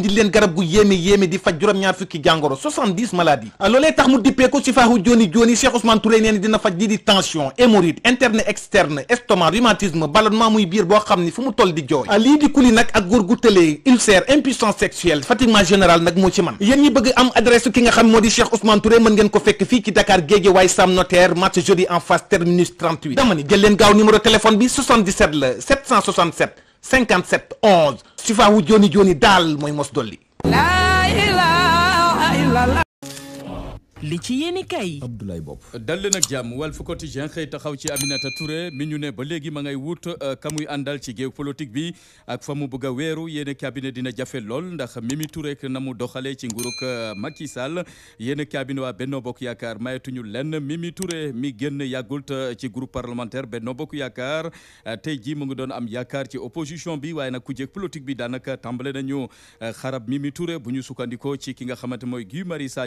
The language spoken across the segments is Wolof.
indil leen garab gu yéeme yéeme di faj juróom-ñaar fukki jàngoro 70 maladies ah, loolee tax mu dippee ko si faaxu joni joni Cheikh Ousmane Touré nee na dina faj lii di tension hémorroïde interne externe estomac rhumatisme ballonnement muy biir boo xam ni fu mu toll di jooy ah, lii di kuli nag ak góor gu tëlee ulcère impuissance sexuelle fatiguement général nag moo ci man yéen ñi bëgg am adresse ki nga xam moo di Cheikh Ousmane Touré mën ngeen ko fekk fii ci 57 11 Sifa wu joni joni daal mooy mos dolli. li ci yéeni kay Abdoulaye Bopp dal leen ak jàmm Walf Quotidien xëy taxaw ci Aminata Touré mi ñu ne ba léegi ma ngay wut euh, kamuy àndal ci géew politique bi ak fa mu bëgg weeru yéen cabinet dina jafe lool ndax mi Mimi Touré ak na mu doxalee ci nguruk euh, Macky Sall yéen cabinet waa Benno Bokk Yaakaar mayatuñu lenn Mimi ture mi génn yàggul ci groupe parlementaire Benno Bokk Yaakaar euh, tey jii mu ngi doon am yaakaar ci opposition bi waaye nag ku jeeg politique bi daanaka tàmbale nañu xarab Mimi Touré bu ñu sukkandikoo ci ki nga xamante mooy Guy Marius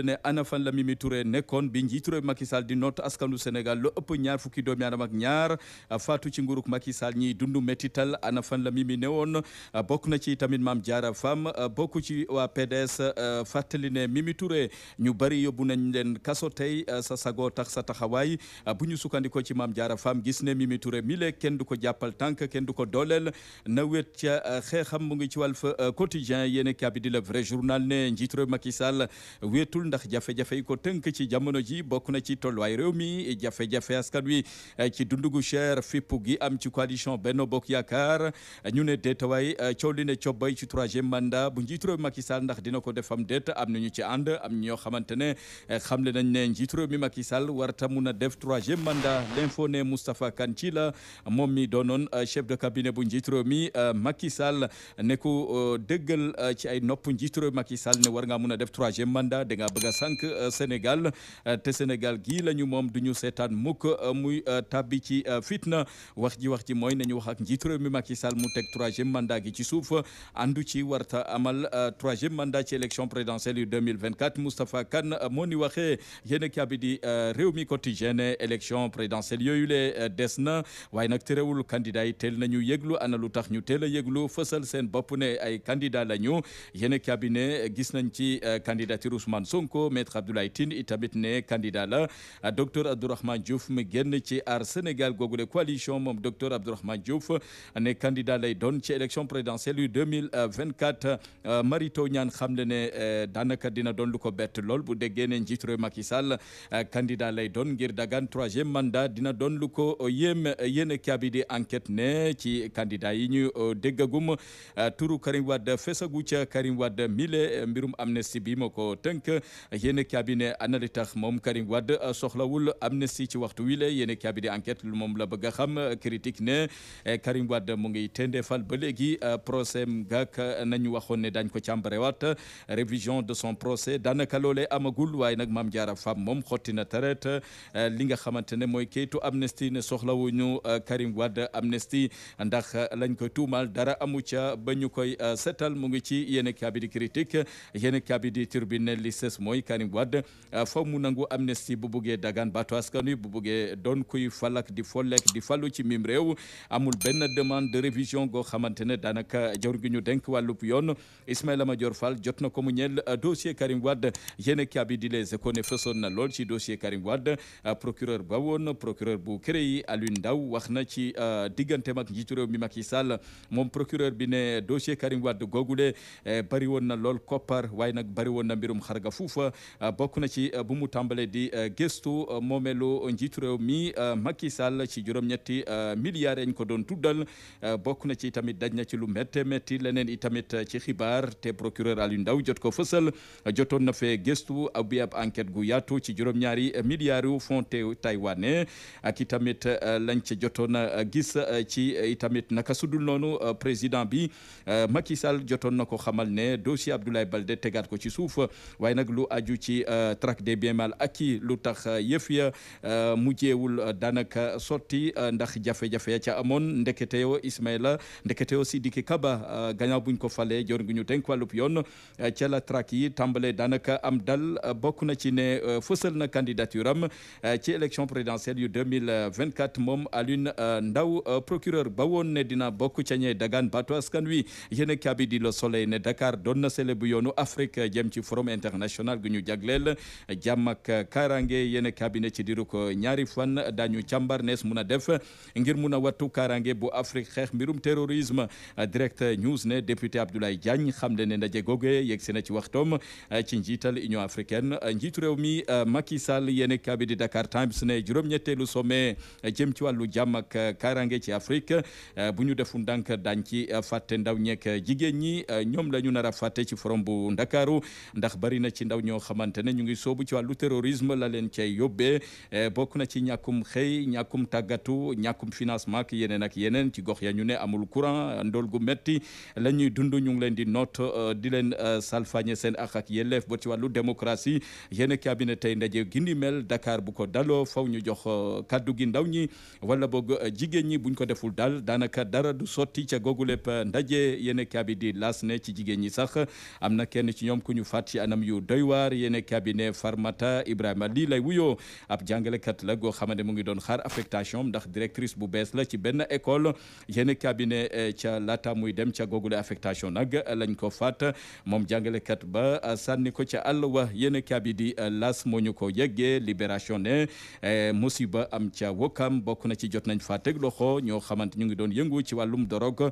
xamle ne ana fan la Mimi Touré bi njiitu réew Macky Sall di noot askanu Sénégal lu ëpp ñaar fukki doomi aadama ak ñaar faatu ci nguuruk Macky Sall ñiy dundu métital ana fan la Mimi newoon bokk na ci tamit Mame Diarra Fam bokku ci waa PDS fàttali ne Mimi ñu bari yóbbu nañ leen kaso tey sa sago tax sa taxawaay bu ñu sukkandikoo ci Mame Diarra Fam gis ne Mimi mile mi kenn du ko jàppal tànk kenn du ko dooleel na wet ca euh, xeexam mu ngi ci Walf euh, Quotidien yéene kabi di le vrai journal ne njiitu réew Macky ndax jafe-jafe yi ko tënk ci jamono ji bokk na ci tolluwaay réew mi jafe-jafe askan wi eh, ci dundugu cher fipp gi am ci coalition Benno Bokk Yaakaar eh, ñu ne deetawaay eh, coow li ne cobbay ci troisième mandat bu njiitu réew Macky Sall ndax dina ko defam deet am nañu ci ànd am ñoo xamante ne xam le nañ ne njiitu réew mi Macky war warta mun a def troisième mandat l'info ne Moustapha Kane ci la moom mi doonoon chef de cabinet bu njiitu réew mi Macky Sall ne ko dëggal ci ay nopp njiitu réew Macky Sall ne war ngaa mun a def troisième mandat da bëgg a sànq euh, Sénégal euh, te Sénégal gii la ñu moom du ñu seetaan mukk euh, muy tabbi ci fitna wax ji wax ji mooy nañu wax ak njiitu réew mi Macky Sall mu teg troisième mandat gi ci suuf andu ci warta amal troisième mandat ci élection présidentielle yu 2024 Moustapha Kane moo ni waxee yéen a kaabi di réew mi quotidien élection présidentielle yooyu le des na waaye nag terewul candidat yi teel nañu yëglu ana lu tax ñu teel a yëglu fasal seen bopp ne ay candidat la ñu yéen a kaabi ne gis nañ ci candidature Ousmane Sonko Sonko maître Abdoulaye Tine itamit ne candidat la docteur Abdourahmane Diouf mu génn ci aar Sénégal googule coalition moom docteur Abdourahmane Diouf ne candidat lay doon ci élection présidentielle yu 2024 euh, marito ñaan xam le ne euh, daanaka dina doon lu ko bett lool bu déggee ne njiitu réew Sall euh, candidat lay doon ngir dagaan troisième mandat dina doon lu ko yéem yéen kaabi ne ci candidat yi ñu déggagum turu Karim Wade fesagu ca Karim Wade mile mbirum amnistie bi moo ko yéen cabinet ana li tax moom Karim Wade euh, soxlawul amnistie ci waxtu wi la yéen enquete enquête moom la bëgg a xam critique ne euh, Karim wadd mu ngi tendeefal ba léegi euh, procès gak nañu waxoon ne dañ ko càmbarewaat révision de son procès daanaka loolee amagul waaye nag Mame Diarra Fam moom xotti na taret li nga xamante ne mooy kayitu amnistie ne soxlawuñu Karim Wade amnistie ndax lañ ko tuumaal dara amu ca ba ñu koy setal mu ngi ci yéen cabinet critique yéen cabinet turbine li mooy Karim wadd euh, faw mu nangu amnistie bu buggee dagaan baatu askan wi bu buggee doon kuy falak di follek di fallu ci mim réew amul benn demande de révision goo xamante ne daanaka jawr gi ñu denk wàllub yoon Ismaïla Madior fal jot na ko mu ñeel euh, dossier Karim wadd yéen kaabi di les échos ne fësoon na lool ci dossier Karim Wade euh, procureur ba woon procureur bu CREI Alioune Ndao wax na ci digganteem ak njiitu réew mi Macky Sall moom procureur bi ne dossier Karim Wade googule bari woon na lool koppar waaye nag bari woon na mbirum xarga fu Diouf uh, bokk na ci uh, bu mu tàmbale di uh, gëstu moomelu njiitu réew mi Macky Sall ci juróom-ñetti milliards ñu ko doon tuddal bokk na ci tamit daj na ci lu métte métti leneen i tamit ci xibaar te procureur Aliou Ndao jot ko fësal jotoon na fee gëstu bi ab enquête gu yaatu ci juróom-ñaari milliards yu fonds taïwanais ak i tamit lañ ci jotoon gis ci i tamit naka sudul noonu président bi Macky Sall jotoon na ko xamal ne dossier Abdoulaye Baldé tegaat ko ci suuf waaye nag lu aju ci euh, traque des biens mal acquis lu tax euh, yëf ya euh, mujjeewul daanaka sotti ndax jafe-jafe ca amoon ndeketeyo Ismaïla ndeketeyo Sidiki Kaba gannaaw buñ ko falee jor ngi ñu dénk wàllub yoon ca la traque yi tàmbale daanaka am dal bokk na ci ne fësal na candidature am ci élection présidentielle yu 2024 moom Alioune Ndao procureur ba woon ne dina bokk ca ñe dagaan baatu askan wi yéen a kaabi di Le Soleil ne Dakar doon na yoonu Afrique jëm ci forum international national gu ñu jagleel jàmm ak kaaraange yéen cabinet ci diirug ñaari fan daañu càmbar nees mun a def ngir mun a wattu kaaraange bu Afrique xeex mbirum terrorisme direct news ne député Abdoulaye Diagne xam le ne ndaje googe yegg si na ci waxtoom ci njiital Union africaine njiitu réew mi Macky Sall yéen cabinet di Dakar Times ne juróom-ñetteelu sommet jëm ci wàllu jàmm ak kaaraange ci Afrique bu ñu defu ndànk dañ ci fàtte ndaw ñeek jigéen ñi ñoom la ñu nar ci forum bu Ndakaaru ndax bari ndaw ñoo xamante ne ñu ngi soobu ci wàllu terrorisme la leen cay yóbbee eh, bokk na ci ñàkkum xëy ñàkkum tàggatu ñàkkum financement ak yeneen ak yeneen ci gox ya ñu ne amul courant ndool gu metti la ñuy dund ñu ngi leen di noot eh, di leen eh, salfañe seen ak ak yelleef ba ci wàllu démocratie yéen cabinet tey ndaje gindi mel Dakar bu ko daloo faw ñu jox kaddu gi ndaw ñi wala boog jigéen ñi buñ ko deful dal daanaka dara du sotti ca gogu lépp ndaje yéen cabinet di las ne ci ñi sax ci ñoom waar yéene cabinet Farmata Ibrahima lii lay wuyoo ab jàngalekat la goo xamante mu ngi doon xaar affectation ndax directrice bu bees la ci benn école yéene cabinet eh, ca laata muy dem ca googule affectation nag eh, lañ ko faat moom jàngalekat ba eh, sànni ko ca àll wa yéene kabi di las moo ñu ko yëggee libération ne musiba am ca wokam bokk na ci jot nañ fa teg loxo ñoo xamante ñu ngi doon yëngu ci wàllum dorog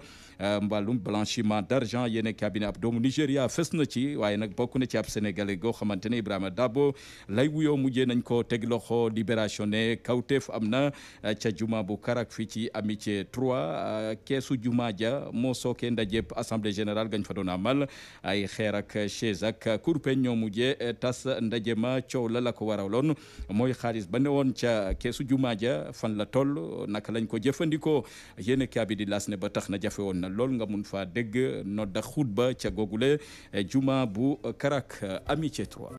wàllum blanchiment d'argent yéene cabinet ab doomu Nigéria fes na ci waaye nag bokk na ci ab sénégalais goo xamante ne Ibrahima Dabo lay wuyoo mujjee nañ ko teg loxo libération ne kawteef am na eh, ca juma bu Karak fii ci amitié trois eh, keesu juma ja moo sooke ndaje assemblée générale gañ fa doon amal ay xeer ak chaise ak kurpeñ ñoo mujjee eh, tas ndaje ma coow la la ko waraloon mooy xaalis ba ne woon ca keesu juma ja fan la toll naka lañ ko jëfandikoo yéen kaabi di laas ne ba tax na jafe woon na lool nga mun faa nodda xutba ca googule juma bu Karak amitié métier 3